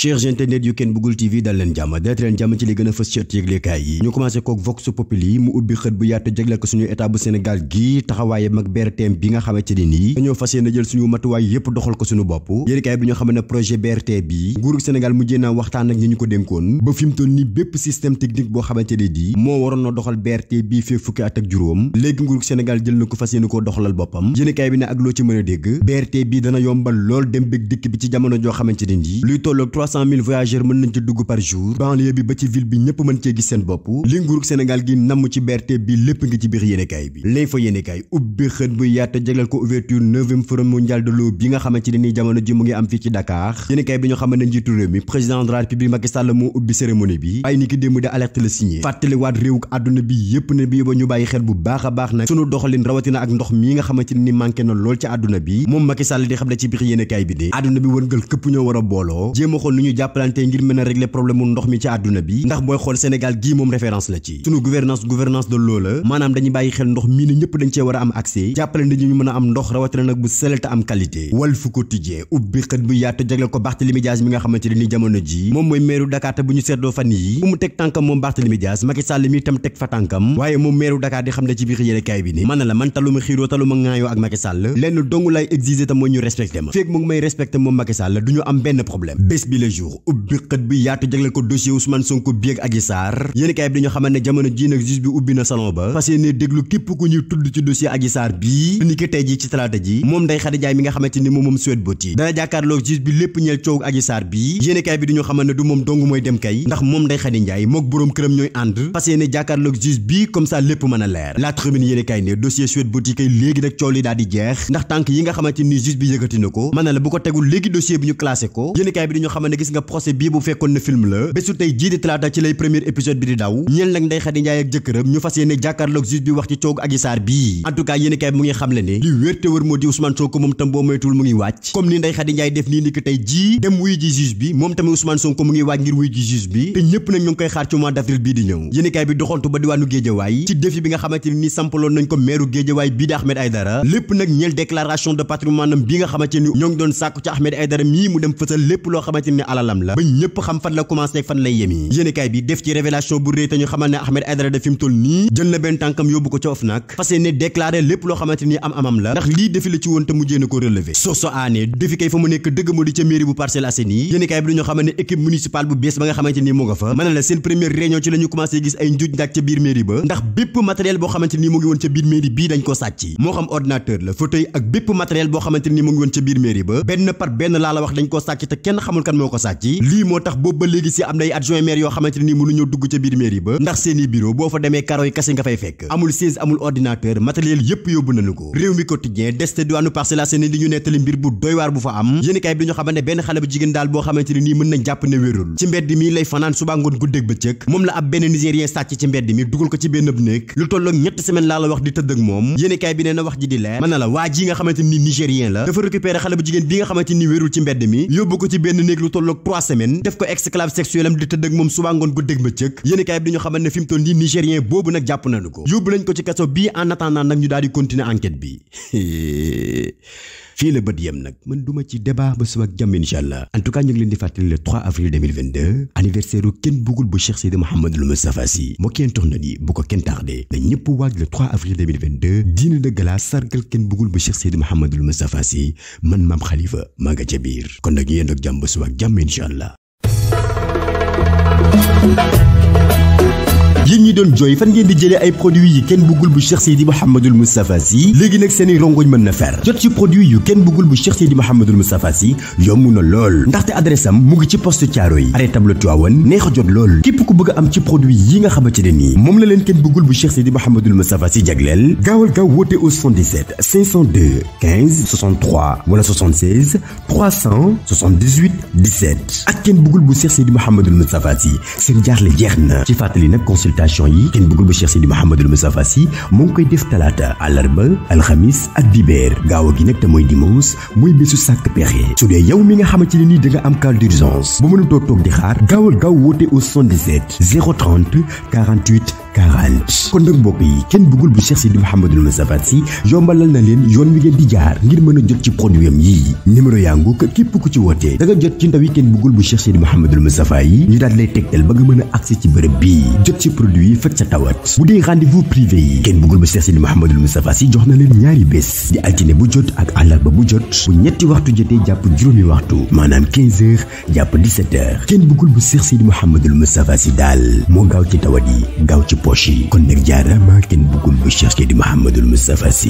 chers internet yu kenn bëggul tv dal leen jàmm dal leen jàmm ci li gën a fës ci ëtt yëglekaay yi ñu commencé kook vox populi yi mu ubbi xët bu yaatu jagleel ko suñu état bu sénégal gi taxawaaye mag BRTM bi nga xamante ni nii dañoo fas yéene jël suñu matuwaay yépp doxal ko suñu bopp yëglekaay bi ñu xam ne projet BRT bi nguuru sénégal mujjee naa waxtaan ak ñi ñu ko dénkoon ba fi mu toll bépp système technique boo xamante ne di moo na doxal BRT bii fee fukki at na ko a lool dem bég dikk bi ci jamono joo xamante ni nii luy tolloog cent mille voyageurs mën nañ ci dugg par jour banlieue bi ba ci ville bi ñëpp mën cee gis seen bopp li nguurug Sénégal gi namm ci berte bi lépp ngi ci biir yéenekaay bi L'Info yéenekaay ubbi xët ko ouverture neuvième forum mondial bi nga xamante ne nii jamono ji mu ngi am fii ci Dakar yéenekaay bi ñoo xamante ne njiitu réew mi président de la République Macky Sall moo ubbi cérémonie bi ay ni ki démb de alerte la signé fàttaliwaat réewuk àdduna bi yépp ne bi ba ñu bàyyi xel bu baax a baax nag sunu doxalin rawatina ak ndox mi nga xamante ne ni manqué na lool ci àdduna bi moom Macky Sall di xam ne ci biir yéenekaay bi bi wërngal këpp ñoo war a nu ñu jàppalante ngir mën a régler problème ndox mi ci àdduna bi ndax booy xool Sénégal gii moom référence la ci sunu gouvernance gouvernance de la maanaam dañuy bàyyi xel ndox mii ne ñëpp dañ cee war a am accès jàppale nit ñi mën a am ndox rawatina nag bu sell te am qualité Walf Quotidien ubbi xët bu yaatu jagleel ko Barthélémy Dias mi nga xamante ne ni jamono ji moom mooy meeru Dakar bu ñu seetloo fan yi bu teg tànkam moom Barthélémy Dias Macky les jours ubbi xët bi yaatu jagleel ko dossier Ousmane Sonko bi ak Adji Sarr bi dañu xamal ne jamono ji nag juge bi ubbi na salon ba fas yéene déglu képp ku ñuy tudd ci dossier Adji bi dañu xamal ne du moom dong mooy dem kay ndax moom Ndeye Khady mook boroom këram ñooy ànd fas yéene jàkkaarloo juge bi comme ça lépp mën a leer la tribune yéen kaay ne dossier Sweet Beauté kay léegi nag coow li daal jeex ndax tànk yi nga xamante ni juge bi yëkkati gis nga procès bii bu fekkoon na film la bésu tey jii di talaata ci lay premier épisode bi di daw ñeel nag Ndeye Khady ak jëkkëram ñu fas yéene jàkkaarloog juge bi wax ci coogu Adji Sarr bii en tout cas mu ngi xamle ne li wér te wër moo di Ousmane Sonko moom tam boo moytuwul mu ngi wàcc comme ni Ndeye Khady def nii ni ki tey jii dem wuy ji bi moom tamit Ousmane Sonko mu ngi wàcc ngir wuy ji bi te ñëpp nag ñu ngi koy xaar ci alalam la ba ñëpp xam fan la commencé ak fan lay yem yi bi def ci révélation bu rëy te ñu xamal ne Ahmed Aidara de toll nii jël na benn tànkam yóbbu ko ca OFNAC fas yéene déclaré lépp loo xamante ni am amam la ndax lii defi la ci woon te mujjee na ko relevé source aané defi kay fa mu nekk dëgg moo di ca mairie bu Parcelles Assainies yéenekaay bi dañoo xamal ne équipe municipale bu bees ba nga xamante ni moo ngi woon ca biir mairie ba dañ ko sàcc sàcc lii moo tax boobu ba léegi si am nay adjoint maire yoo xamante ni mënuñoo dugg ca biir mairie ba ndax seeni bureau boo fa demee karo kase nga fay fekk amul siège amul ordinateur matériel yépp yóbbu nañu ko réew mi quotidien deste diwaanu Parcelles Assainies li ñu nettali mbir bu doy waar bu fa am yéeni bi dañu xamante benn xale bu jigéen daal boo xamante ni mën nañ jàpp ne wérul ci mbedd mi lay fanaan suba ngoon guddeeg bëccëg moom ko ci benn néeg lu tolloog ñetti semaine laa la wax di tëdd ak moom la tolloog trois semaines def ko esclave sexuel am di tëdd ak moom suba ngoon guddeeg bëccëg yéen kaay bi dañu xamal ne fi toll nii nigérien boobu nag jàpp nañu ko yóbbu nañ ko ci kaso bii en attendant nag ñu daal di continuer enquête bi fii la bët yem nag man duma ci débat ba suba ak jàmm incha allah en tout cas ñu ngi leen di fàttali le 3 avril 2022 kenn bugul bu Cheikh Seydi Mouhamadul Moustapha Sy moo kenn tox na ni bu ko kenn tardé na ñëpp waaj le 3 avril 2022 kenn bugul bu Cheikh Seydi Mouhamadul Moustapha Sy man maam Khalifa maa nga ca kon nag ñu yendoog jàmm ba suba ak jàmm incha allah yéen ñi doon jooy fan geen di jëlee ay produits yi kenn bëggul bu Cheikh Seydi Mouhamadul Moustapha Sy léegi nag seeni rongoñ mën na fer jot ci produit yu kenn bëggul bu Cheikh Seydi Mouhamadul Moustapha Sy yomb na lool ndaxte adresse am mu ngi ci poste Thiaro yi arrêt tableau Tivaouane neex jot lool képp ku bëgg am ci produit yi nga xamante ne nii moom la leen kenn bëggul bu Cheikh Seydi Mouhamadul Moustapha Sy jagleel gaawal gaaw woote au 77 502 15 63 wala 76 378 17 ak kenn bëggul bu Cheikh Seydi Mouhamadul Moustapha Sy seen jeex na ci fàttali nag consultation prestation yi kenn bëggul bu Cheikh Sidi Mouhamadul Moustapha Sy ngi koy def talaata àllarba alxamis ak beer gaaw gi nag te mooy dimanche muy bésu sàkk pexe su dee yow mi nga xamante ne nii da nga am cas d'urgence bu mënutoo toog di xaar gaawal gaaw woote au 77 030 48 40 kon nag mbokk yi kenn bëggul bu Cheikh Sidi Mouhamadul Moustapha Sy yombalal na leen yoon wi ngeen di jaar ngir mën a jot ci produit am yii yaa ngu ko képp ku ci wootee da nga jot ci ndaw yi kenn bëggul bu Cheikh Sidi Mouhamadul Moustapha yi ñu daal lay tegtal ba nga mën a accès ci bërëb bii jot ci produit yi faj sa tawat bu dee rendez-vous privé yi kenn bëggul bu Cheikh Sidi Mouhamadul Moustapha Sy jox na leen ñaari bés di altine bu jot ak àllarba bu jot bu ñetti waxtu jotee jàpp juróomi waxtu maanaam 15 heures jàpp 17 heures kenn bëggul bu Cheikh Sidi Mouhamadul Moustapha Sy daal moo gaaw ci tawat yi gaaw ci poche yi kon nag jaaraamaa kenn bëggul bu Cheikh Seydi Mouhamadul Moustapha Sy